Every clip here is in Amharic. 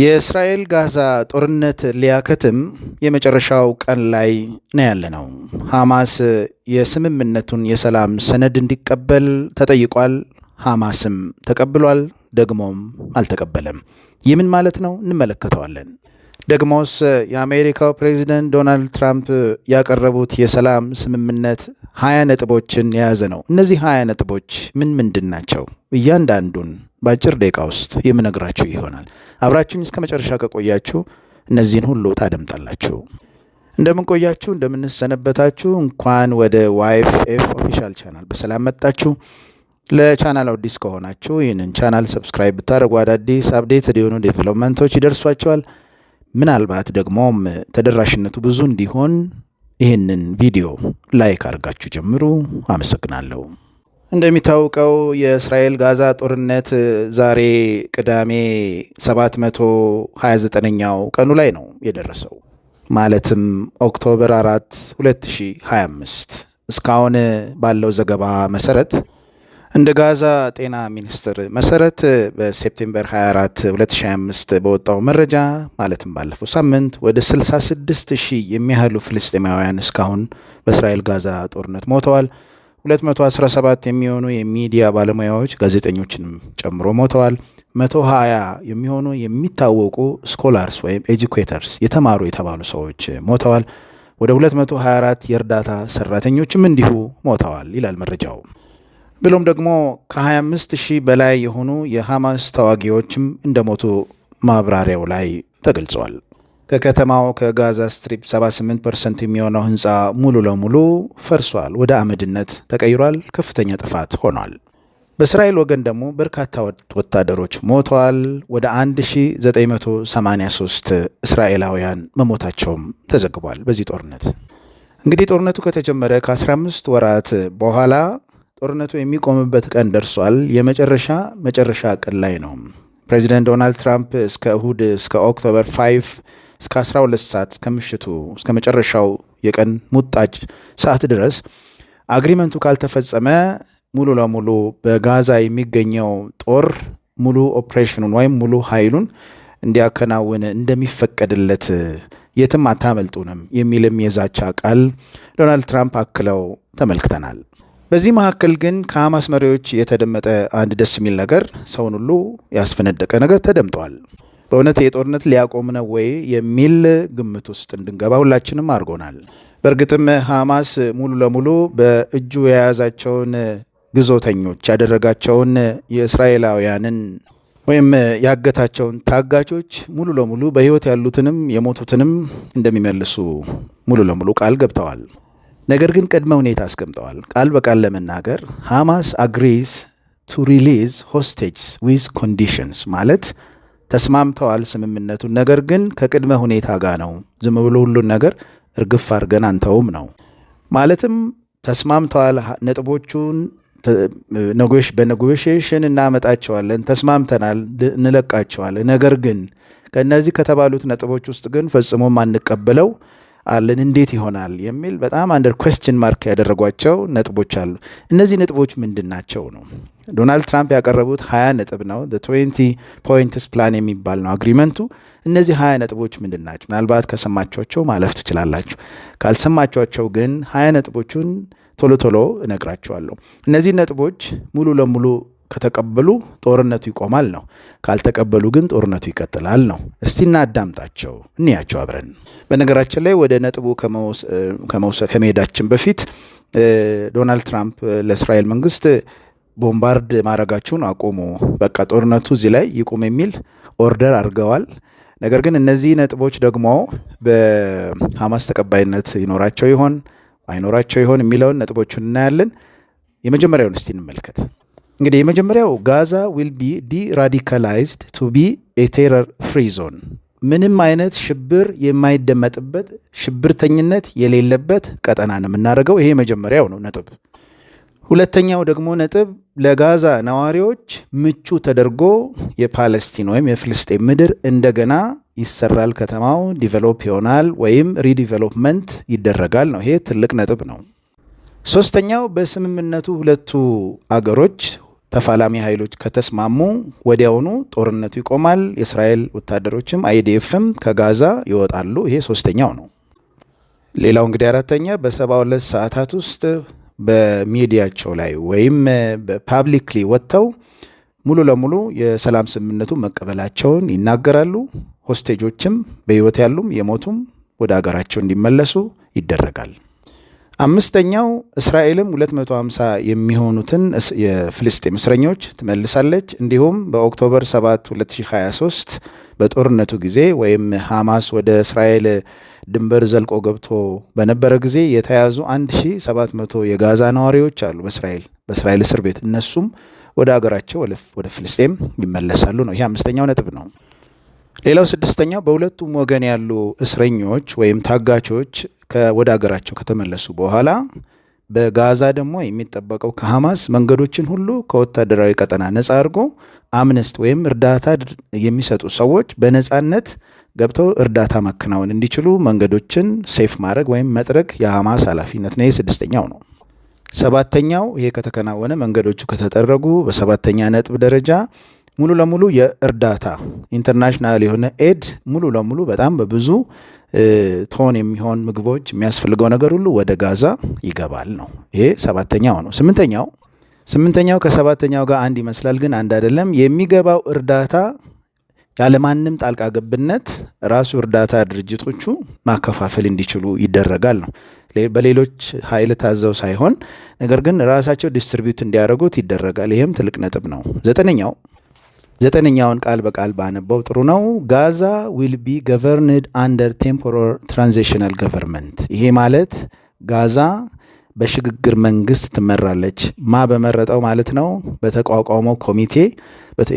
የእስራኤል ጋዛ ጦርነት ሊያከትም የመጨረሻው ቀን ላይ ነው ያለነው። ሐማስ የስምምነቱን የሰላም ሰነድ እንዲቀበል ተጠይቋል። ሐማስም ተቀብሏል፣ ደግሞም አልተቀበለም። ይህ ምን ማለት ነው? እንመለከተዋለን። ደግሞስ የአሜሪካው ፕሬዚደንት ዶናልድ ትራምፕ ያቀረቡት የሰላም ስምምነት ሀያ ነጥቦችን የያዘ ነው። እነዚህ ሀያ ነጥቦች ምን ምንድን ናቸው? እያንዳንዱን በአጭር ደቂቃ ውስጥ የምነግራችሁ ይሆናል። አብራችሁኝ እስከ መጨረሻ ከቆያችሁ እነዚህን ሁሉ ታደምጣላችሁ። እንደምንቆያችሁ እንደምንሰነበታችሁ፣ እንኳን ወደ ዋይፍ ኤፍ ኦፊሻል ቻናል በሰላም መጣችሁ። ለቻናል አዲስ ከሆናችሁ ይህንን ቻናል ሰብስክራይብ ብታደርጉ አዳዲስ አፕዴትድ የሆኑ ዴቨሎፕመንቶች ይደርሷቸዋል። ምናልባት ደግሞም ተደራሽነቱ ብዙ እንዲሆን ይህንን ቪዲዮ ላይክ አድርጋችሁ ጀምሩ። አመሰግናለሁ። እንደሚታወቀው የእስራኤል ጋዛ ጦርነት ዛሬ ቅዳሜ 729ኛው ቀኑ ላይ ነው የደረሰው። ማለትም ኦክቶበር 4 2025። እስካሁን ባለው ዘገባ መሰረት እንደ ጋዛ ጤና ሚኒስቴር መሰረት በሴፕቴምበር 24 2025 በወጣው መረጃ ማለትም ባለፈው ሳምንት ወደ 66 ሺህ የሚያህሉ ፍልስጤማውያን እስካሁን በእስራኤል ጋዛ ጦርነት ሞተዋል። 217 የሚሆኑ የሚዲያ ባለሙያዎች ጋዜጠኞችንም ጨምሮ ሞተዋል። 120 የሚሆኑ የሚታወቁ ስኮላርስ ወይም ኤጁኬተርስ የተማሩ የተባሉ ሰዎች ሞተዋል። ወደ 224 የእርዳታ ሰራተኞችም እንዲሁ ሞተዋል ይላል መረጃው። ብሎም ደግሞ ከ25 ሺህ በላይ የሆኑ የሐማስ ተዋጊዎችም እንደሞቱ ማብራሪያው ላይ ተገልጿል። ከከተማው ከጋዛ ስትሪፕ 78 ፐርሰንት የሚሆነው ህንፃ ሙሉ ለሙሉ ፈርሷል፣ ወደ አመድነት ተቀይሯል፣ ከፍተኛ ጥፋት ሆኗል። በእስራኤል ወገን ደግሞ በርካታ ወታደሮች ሞተዋል። ወደ 1983 እስራኤላውያን መሞታቸውም ተዘግቧል። በዚህ ጦርነት እንግዲህ ጦርነቱ ከተጀመረ ከ15 ወራት በኋላ ጦርነቱ የሚቆምበት ቀን ደርሷል። የመጨረሻ መጨረሻ ቀን ላይ ነው ፕሬዚደንት ዶናልድ ትራምፕ እስከ እሁድ እስከ ኦክቶበር 5 እስከ 12 ሰዓት እስከ ምሽቱ እስከ መጨረሻው የቀን ሙጣጭ ሰዓት ድረስ አግሪመንቱ ካልተፈጸመ ሙሉ ለሙሉ በጋዛ የሚገኘው ጦር ሙሉ ኦፕሬሽኑን ወይም ሙሉ ኃይሉን እንዲያከናውን እንደሚፈቀድለት የትም አታመልጡንም የሚልም የዛቻ ቃል ዶናልድ ትራምፕ አክለው ተመልክተናል። በዚህ መካከል ግን ከሐማስ መሪዎች የተደመጠ አንድ ደስ የሚል ነገር፣ ሰውን ሁሉ ያስፈነደቀ ነገር ተደምጧል። በእውነት የጦርነት ሊያቆም ነው ወይ የሚል ግምት ውስጥ እንድንገባ ሁላችንም አድርጎናል። በእርግጥም ሐማስ ሙሉ ለሙሉ በእጁ የያዛቸውን ግዞተኞች ያደረጋቸውን የእስራኤላውያንን ወይም ያገታቸውን ታጋቾች ሙሉ ለሙሉ በሕይወት ያሉትንም የሞቱትንም እንደሚመልሱ ሙሉ ለሙሉ ቃል ገብተዋል። ነገር ግን ቅድመ ሁኔታ አስቀምጠዋል። ቃል በቃል ለመናገር ሐማስ አግሪዝ ቱ ሪሊዝ ሆስቴጅስ ዊዝ ኮንዲሽንስ ማለት ተስማምተዋል ስምምነቱን ነገር ግን ከቅድመ ሁኔታ ጋር ነው። ዝም ብሎ ሁሉን ነገር እርግፍ አድርገን አንተውም ነው። ማለትም ተስማምተዋል ነጥቦቹን በኔጎሽዬሽን እናመጣቸዋለን፣ ተስማምተናል፣ እንለቃቸዋለን። ነገር ግን ከእነዚህ ከተባሉት ነጥቦች ውስጥ ግን ፈጽሞም አንቀበለው አለን እንዴት ይሆናል የሚል በጣም አንደር ኮስችን ማርክ ያደረጓቸው ነጥቦች አሉ። እነዚህ ነጥቦች ምንድን ናቸው ነው? ዶናልድ ትራምፕ ያቀረቡት ሀያ ነጥብ ነው። ትዌንቲ ፖይንትስ ፕላን የሚባል ነው አግሪመንቱ። እነዚህ ሀያ ነጥቦች ምንድን ናቸው? ምናልባት ከሰማቸቸው ማለፍ ትችላላችሁ። ካልሰማቸቸው ግን ሀያ ነጥቦቹን ቶሎ ቶሎ እነግራችኋለሁ። እነዚህ ነጥቦች ሙሉ ለሙሉ ከተቀበሉ ጦርነቱ ይቆማል ነው። ካልተቀበሉ ግን ጦርነቱ ይቀጥላል ነው። እስቲ እናዳምጣቸው፣ እንያቸው አብረን። በነገራችን ላይ ወደ ነጥቡ ከመሄዳችን በፊት ዶናልድ ትራምፕ ለእስራኤል መንግስት ቦምባርድ ማድረጋችሁን አቁሙ፣ በቃ ጦርነቱ እዚህ ላይ ይቁም የሚል ኦርደር አድርገዋል። ነገር ግን እነዚህ ነጥቦች ደግሞ በሐማስ ተቀባይነት ይኖራቸው ይሆን አይኖራቸው ይሆን የሚለውን ነጥቦቹን እናያለን። የመጀመሪያውን እስቲ እንመልከት። እንግዲህ የመጀመሪያው ጋዛ ዊል ቢ ዲራዲካላይዝድ ቱ ቢ ኤቴረር ፍሪ ዞን ምንም አይነት ሽብር የማይደመጥበት ሽብርተኝነት የሌለበት ቀጠና ነው የምናደርገው። ይሄ የመጀመሪያው ነው ነጥብ። ሁለተኛው ደግሞ ነጥብ ለጋዛ ነዋሪዎች ምቹ ተደርጎ የፓለስቲን ወይም የፍልስጤን ምድር እንደገና ይሰራል፣ ከተማው ዲቨሎፕ ይሆናል ወይም ሪዲቨሎፕመንት ይደረጋል ነው። ይሄ ትልቅ ነጥብ ነው። ሶስተኛው በስምምነቱ ሁለቱ አገሮች ተፋላሚ ኃይሎች ከተስማሙ ወዲያውኑ ጦርነቱ ይቆማል። የእስራኤል ወታደሮችም አይዲኤፍም ከጋዛ ይወጣሉ። ይሄ ሶስተኛው ነው። ሌላው እንግዲህ አራተኛ በሰባ ሁለት ሰዓታት ውስጥ በሚዲያቸው ላይ ወይም በፓብሊክሊ ወጥተው ሙሉ ለሙሉ የሰላም ስምምነቱ መቀበላቸውን ይናገራሉ። ሆስቴጆችም በሕይወት ያሉም የሞቱም ወደ አገራቸው እንዲመለሱ ይደረጋል። አምስተኛው እስራኤልም 250 የሚሆኑትን የፍልስጤም እስረኞች ትመልሳለች። እንዲሁም በኦክቶበር 7 2023 በጦርነቱ ጊዜ ወይም ሐማስ ወደ እስራኤል ድንበር ዘልቆ ገብቶ በነበረ ጊዜ የተያዙ 1700 የጋዛ ነዋሪዎች አሉ በእስራኤል በእስራኤል እስር ቤት እነሱም ወደ አገራቸው ወደ ፍልስጤም ይመለሳሉ ነው። ይህ አምስተኛው ነጥብ ነው። ሌላው ስድስተኛው በሁለቱም ወገን ያሉ እስረኞች ወይም ታጋቾች ወደ አገራቸው ከተመለሱ በኋላ በጋዛ ደግሞ የሚጠበቀው ከሐማስ መንገዶችን ሁሉ ከወታደራዊ ቀጠና ነፃ አድርጎ አምነስት ወይም እርዳታ የሚሰጡ ሰዎች በነፃነት ገብተው እርዳታ ማከናወን እንዲችሉ መንገዶችን ሴፍ ማድረግ ወይም መጥረግ የሐማስ ኃላፊነት ነው። የስድስተኛው ነው። ሰባተኛው ይሄ ከተከናወነ መንገዶቹ ከተጠረጉ በሰባተኛ ነጥብ ደረጃ ሙሉ ለሙሉ የእርዳታ ኢንተርናሽናል የሆነ ኤድ ሙሉ ለሙሉ በጣም በብዙ ቶን የሚሆን ምግቦች የሚያስፈልገው ነገር ሁሉ ወደ ጋዛ ይገባል ነው። ይሄ ሰባተኛው ነው። ስምንተኛው ስምንተኛው ከሰባተኛው ጋር አንድ ይመስላል፣ ግን አንድ አይደለም። የሚገባው እርዳታ ያለማንም ጣልቃ ገብነት ራሱ እርዳታ ድርጅቶቹ ማከፋፈል እንዲችሉ ይደረጋል ነው። በሌሎች ኃይል ታዘው ሳይሆን ነገር ግን ራሳቸው ዲስትሪቢዩት እንዲያደርጉት ይደረጋል። ይህም ትልቅ ነጥብ ነው። ዘጠነኛው ዘጠነኛውን ቃል በቃል ባነበው ጥሩ ነው። ጋዛ ዊል ቢ ገቨርንድ አንደር ቴምፖራሪ ትራንዚሽናል ገቨርንመንት። ይሄ ማለት ጋዛ በሽግግር መንግስት ትመራለች። ማ በመረጠው ማለት ነው፣ በተቋቋመው ኮሚቴ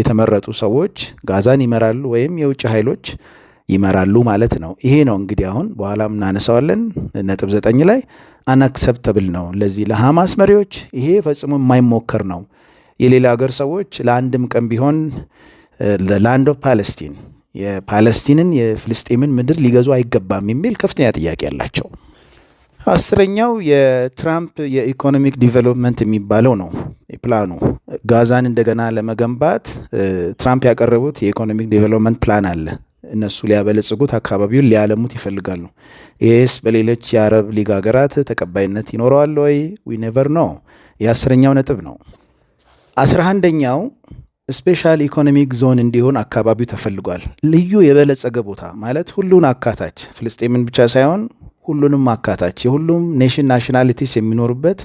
የተመረጡ ሰዎች ጋዛን ይመራሉ፣ ወይም የውጭ ኃይሎች ይመራሉ ማለት ነው። ይሄ ነው እንግዲህ አሁን በኋላም እናነሳዋለን። ነጥብ ዘጠኝ ላይ አናክሰፕተብል ነው ለዚህ ለሐማስ መሪዎች ይሄ ፈጽሞ የማይሞከር ነው። የሌላ ሀገር ሰዎች ለአንድም ቀን ቢሆን ላንድ ኦፍ ፓለስቲን የፓለስቲንን የፍልስጤምን ምድር ሊገዙ አይገባም የሚል ከፍተኛ ጥያቄ አላቸው። አስረኛው የትራምፕ የኢኮኖሚክ ዲቨሎፕመንት የሚባለው ነው ፕላኑ። ጋዛን እንደገና ለመገንባት ትራምፕ ያቀረቡት የኢኮኖሚክ ዲቨሎፕመንት ፕላን አለ። እነሱ ሊያበለጽጉት አካባቢውን ሊያለሙት ይፈልጋሉ። ይህስ በሌሎች የአረብ ሊግ ሀገራት ተቀባይነት ይኖረዋል ወይ? ዊ ኔቨር ነው። የአስረኛው ነጥብ ነው። አስራ አንደኛው ስፔሻል ኢኮኖሚክ ዞን እንዲሆን አካባቢው ተፈልጓል። ልዩ የበለጸገ ቦታ ማለት ሁሉን አካታች ፍልስጤምን ብቻ ሳይሆን ሁሉንም አካታች የሁሉም ኔሽን ናሽናሊቲስ የሚኖሩበት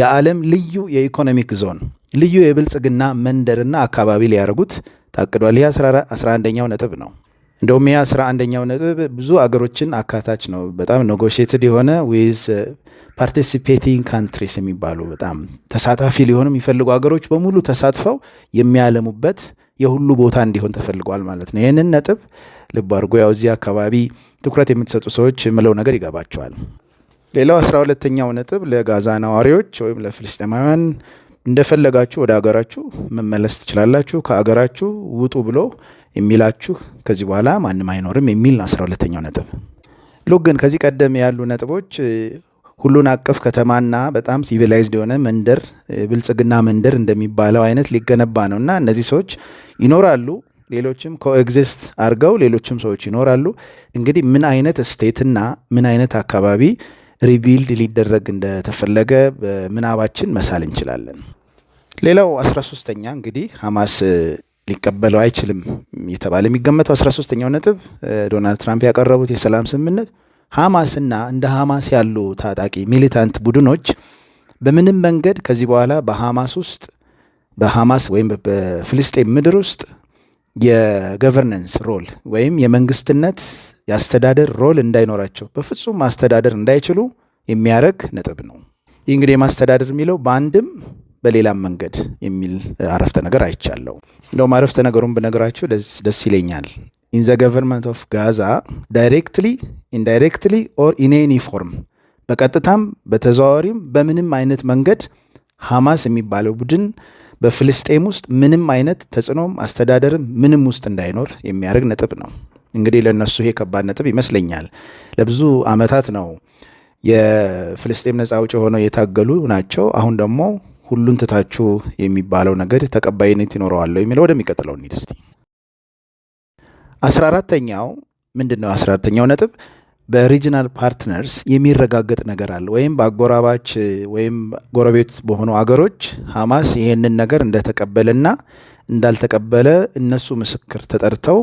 የዓለም ልዩ የኢኮኖሚክ ዞን ልዩ የብልጽግና መንደርና አካባቢ ሊያደርጉት ታቅዷል። ይህ 11ኛው ነጥብ ነው። እንደውም ያ አስራ አንደኛው ነጥብ ብዙ አገሮችን አካታች ነው። በጣም ኔጎሽትድ የሆነ ዊዝ ፓርቲሲፔቲንግ ካንትሪስ የሚባሉ በጣም ተሳታፊ ሊሆኑ የሚፈልጉ አገሮች በሙሉ ተሳትፈው የሚያለሙበት የሁሉ ቦታ እንዲሆን ተፈልጓል ማለት ነው። ይህንን ነጥብ ልብ አድርጎ ያው እዚህ አካባቢ ትኩረት የምትሰጡ ሰዎች ምለው ነገር ይገባቸዋል። ሌላው አስራ ሁለተኛው ነጥብ ለጋዛ ነዋሪዎች ወይም ለፍልስጤማውያን እንደፈለጋችሁ ወደ አገራችሁ መመለስ ትችላላችሁ፣ ከአገራችሁ ውጡ ብሎ የሚላችሁ ከዚህ በኋላ ማንም አይኖርም የሚል ነው አስራ ሁለተኛው ነጥብ። ሉክ ግን ከዚህ ቀደም ያሉ ነጥቦች ሁሉን አቀፍ ከተማና በጣም ሲቪላይዝድ የሆነ መንደር ብልጽግና መንደር እንደሚባለው አይነት ሊገነባ ነው እና እነዚህ ሰዎች ይኖራሉ ሌሎችም ኮኤግዚስት አድርገው ሌሎችም ሰዎች ይኖራሉ። እንግዲህ ምን አይነት ስቴትና ምን አይነት አካባቢ ሪቢልድ ሊደረግ እንደተፈለገ በምናባችን መሳል እንችላለን። ሌላው አስራ ሶስተኛ እንግዲህ ሀማስ ሊቀበለው አይችልም የተባለ የሚገመተው 13 ሶስተኛው ነጥብ ዶናልድ ትራምፕ ያቀረቡት የሰላም ስምምነት ሀማስና እንደ ሀማስ ያሉ ታጣቂ ሚሊታንት ቡድኖች በምንም መንገድ ከዚህ በኋላ በሀማስ ውስጥ በሀማስ ወይም በፍልስጤም ምድር ውስጥ የገቨርነንስ ሮል ወይም የመንግስትነት የአስተዳደር ሮል እንዳይኖራቸው በፍጹም ማስተዳደር እንዳይችሉ የሚያደርግ ነጥብ ነው። ይህ እንግዲህ የማስተዳደር የሚለው በአንድም በሌላም መንገድ የሚል አረፍተ ነገር አይቻለሁ። እንደውም አረፍተ ነገሩን ብነግራችሁ ደስ ይለኛል። ኢን ዘ ገቨርንመንት ኦፍ ጋዛ ዳይሬክትሊ ኢንዳይሬክትሊ ኦር ኢን ኤኒ ፎርም፣ በቀጥታም በተዘዋዋሪም በምንም አይነት መንገድ ሐማስ የሚባለው ቡድን በፍልስጤም ውስጥ ምንም አይነት ተጽዕኖም አስተዳደርም ምንም ውስጥ እንዳይኖር የሚያደርግ ነጥብ ነው። እንግዲህ ለእነሱ ይሄ ከባድ ነጥብ ይመስለኛል። ለብዙ ዓመታት ነው የፍልስጤም ነጻ አውጪ ሆነው የታገሉ ናቸው። አሁን ደግሞ ሁሉን ትታችሁ የሚባለው ነገር ተቀባይነት ይኖረዋለሁ የሚለው ወደሚቀጥለው እንሂድ እስቲ። አስራ አራተኛው ምንድን ነው? አስራ አራተኛው ነጥብ በሪጅናል ፓርትነርስ የሚረጋገጥ ነገር አለ ወይም በአጎራባች ወይም ጎረቤት በሆኑ አገሮች ሐማስ ይህንን ነገር እንደተቀበለና እንዳልተቀበለ እነሱ ምስክር ተጠርተው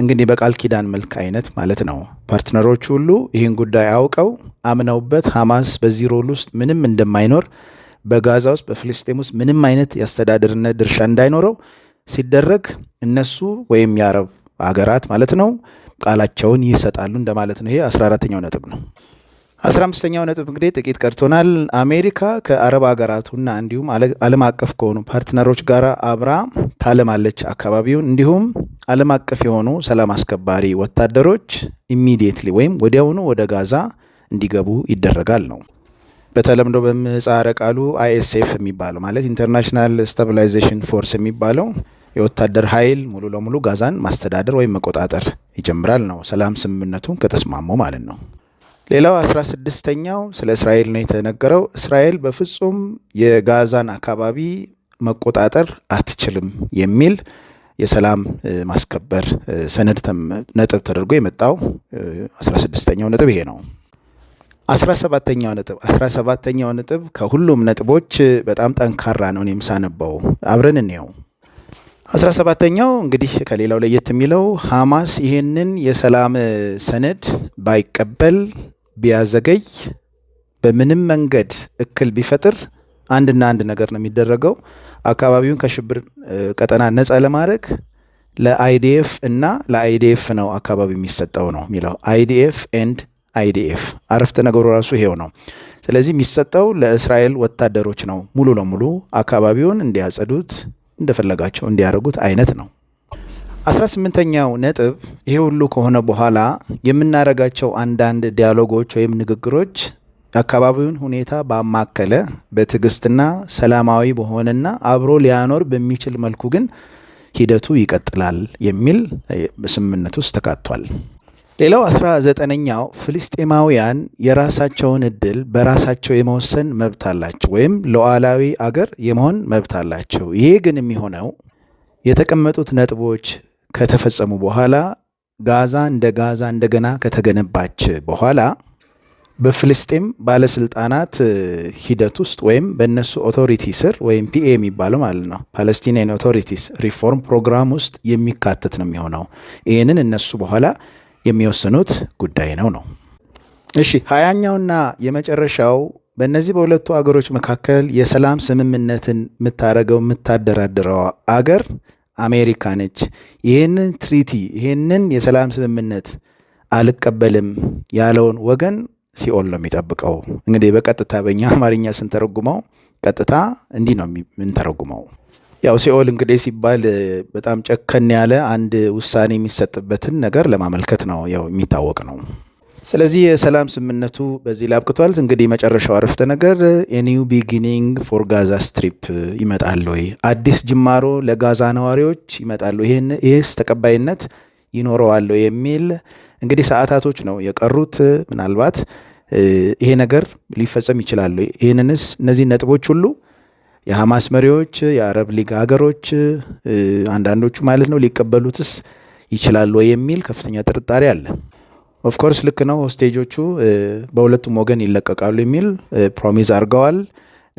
እንግዲህ በቃል ኪዳን መልክ አይነት ማለት ነው። ፓርትነሮች ሁሉ ይህን ጉዳይ አውቀው አምነውበት ሐማስ በዚህ ሮል ውስጥ ምንም እንደማይኖር በጋዛ ውስጥ በፍልስጤም ውስጥ ምንም አይነት የአስተዳደርነት ድርሻ እንዳይኖረው ሲደረግ እነሱ ወይም የአረብ አገራት ማለት ነው ቃላቸውን ይሰጣሉ እንደማለት ነው። ይሄ 14ኛው ነጥብ ነው። 15ኛው ነጥብ እንግዲህ ጥቂት ቀርቶናል። አሜሪካ ከአረብ ሀገራቱና እንዲሁም ዓለም አቀፍ ከሆኑ ፓርትነሮች ጋር አብራ ታለማለች አካባቢውን እንዲሁም ዓለም አቀፍ የሆኑ ሰላም አስከባሪ ወታደሮች ኢሚዲየትሊ ወይም ወዲያውኑ ወደ ጋዛ እንዲገቡ ይደረጋል ነው። በተለምዶ በምህጻረ ቃሉ አይኤስኤፍ የሚባለው ማለት ኢንተርናሽናል ስታቢላይዜሽን ፎርስ የሚባለው የወታደር ኃይል ሙሉ ለሙሉ ጋዛን ማስተዳደር ወይም መቆጣጠር ይጀምራል ነው ሰላም ስምምነቱን ከተስማሙ ማለት ነው። ሌላው አስራ ስድስተኛው ስለ እስራኤል ነው የተነገረው። እስራኤል በፍጹም የጋዛን አካባቢ መቆጣጠር አትችልም የሚል የሰላም ማስከበር ሰነድ ነጥብ ተደርጎ የመጣው አስራ ስድስተኛው ነጥብ ይሄ ነው። አስራ ሰባተኛው ነጥብ አስራ ሰባተኛው ነጥብ ከሁሉም ነጥቦች በጣም ጠንካራ ነው። እኔም ሳነበው አብረን እንየው። አስራ ሰባተኛው እንግዲህ ከሌላው ለየት የሚለው ሐማስ ይህንን የሰላም ሰነድ ባይቀበል ቢያዘገይ በምንም መንገድ እክል ቢፈጥር አንድና አንድ ነገር ነው የሚደረገው። አካባቢውን ከሽብር ቀጠና ነጻ ለማድረግ ለአይዲኤፍ እና ለአይዲኤፍ ነው አካባቢው የሚሰጠው ነው የሚለው አይዲኤፍ ኤንድ አይዲኤፍ አረፍተ ነገሩ ራሱ ይሄው ነው። ስለዚህ የሚሰጠው ለእስራኤል ወታደሮች ነው ሙሉ ለሙሉ አካባቢውን እንዲያጸዱት እንደፈለጋቸው እንዲያደርጉት አይነት ነው። አስራ ስምንተኛው ነጥብ ይሄ ሁሉ ከሆነ በኋላ የምናደርጋቸው አንዳንድ ዲያሎጎች ወይም ንግግሮች የአካባቢውን ሁኔታ ባማከለ በትዕግስትና ሰላማዊ በሆነና አብሮ ሊያኖር በሚችል መልኩ ግን ሂደቱ ይቀጥላል የሚል ስምምነት ውስጥ ተካቷል። ሌላው አስራ ዘጠነኛው ፍልስጤማውያን የራሳቸውን እድል በራሳቸው የመወሰን መብት አላቸው ወይም ሉዓላዊ አገር የመሆን መብት አላቸው። ይሄ ግን የሚሆነው የተቀመጡት ነጥቦች ከተፈጸሙ በኋላ ጋዛ እንደ ጋዛ እንደገና ከተገነባች በኋላ በፍልስጤም ባለስልጣናት ሂደት ውስጥ ወይም በእነሱ ኦቶሪቲ ስር ወይም ፒኤ የሚባለው ማለት ነው ፓለስቲናን ኦቶሪቲስ ሪፎርም ፕሮግራም ውስጥ የሚካተት ነው የሚሆነው። ይህንን እነሱ በኋላ የሚወስኑት ጉዳይ ነው ነው። እሺ ሀያኛውና የመጨረሻው በእነዚህ በሁለቱ አገሮች መካከል የሰላም ስምምነትን የምታደረገው የምታደራድረው አገር አሜሪካ ነች። ይህንን ትሪቲ ይህንን የሰላም ስምምነት አልቀበልም ያለውን ወገን ሲኦል ነው የሚጠብቀው። እንግዲህ በቀጥታ በእኛ አማርኛ ስንተረጉመው ቀጥታ እንዲህ ነው የምንተረጉመው። ያው ሲኦል እንግዲህ ሲባል በጣም ጨከን ያለ አንድ ውሳኔ የሚሰጥበትን ነገር ለማመልከት ነው፣ ያው የሚታወቅ ነው። ስለዚህ የሰላም ስምምነቱ በዚህ ላይ አብቅቷል። እንግዲህ መጨረሻው አረፍተ ነገር የኒው ቢጊኒንግ ፎር ጋዛ ስትሪፕ ይመጣል ወይ፣ አዲስ ጅማሮ ለጋዛ ነዋሪዎች ይመጣሉ፣ ይህስ ተቀባይነት ይኖረዋል የሚል እንግዲህ ሰዓታቶች ነው የቀሩት። ምናልባት ይሄ ነገር ሊፈጸም ይችላሉ፣ ይህንንስ እነዚህ ነጥቦች ሁሉ የሐማስ መሪዎች፣ የአረብ ሊግ ሀገሮች አንዳንዶቹ ማለት ነው ሊቀበሉትስ ይችላሉ ወይ የሚል ከፍተኛ ጥርጣሬ አለ። ኦፍኮርስ ልክ ነው። ሆስቴጆቹ በሁለቱም ወገን ይለቀቃሉ የሚል ፕሮሚዝ አድርገዋል።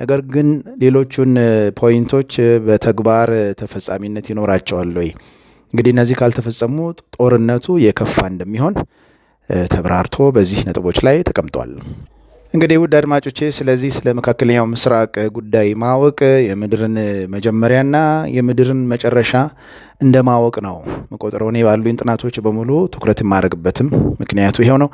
ነገር ግን ሌሎቹን ፖይንቶች በተግባር ተፈጻሚነት ይኖራቸዋል ወይ? እንግዲህ እነዚህ ካልተፈጸሙ ጦርነቱ የከፋ እንደሚሆን ተብራርቶ በዚህ ነጥቦች ላይ ተቀምጧል። እንግዲህ ውድ አድማጮቼ ስለዚህ ስለ መካከለኛው ምስራቅ ጉዳይ ማወቅ የምድርን መጀመሪያና የምድርን መጨረሻ እንደ ማወቅ ነው መቆጠረው። እኔ ባሉኝ ጥናቶች በሙሉ ትኩረት የማደርግበትም ምክንያቱ ይሄው ነው።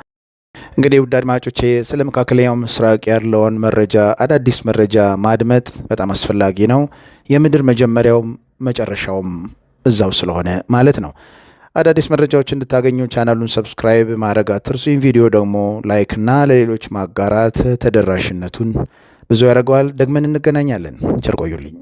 እንግዲህ ውድ አድማጮቼ ስለ መካከለኛው ምስራቅ ያለውን መረጃ፣ አዳዲስ መረጃ ማድመጥ በጣም አስፈላጊ ነው። የምድር መጀመሪያውም መጨረሻውም እዛው ስለሆነ ማለት ነው። አዳዲስ መረጃዎች እንድታገኙ ቻናሉን ሰብስክራይብ ማድረግ አትርሱ። ይህን ቪዲዮ ደግሞ ላይክ እና ለሌሎች ማጋራት ተደራሽነቱን ብዙ ያደርገዋል። ደግመን እንገናኛለን። ቸር ቆዩልኝ።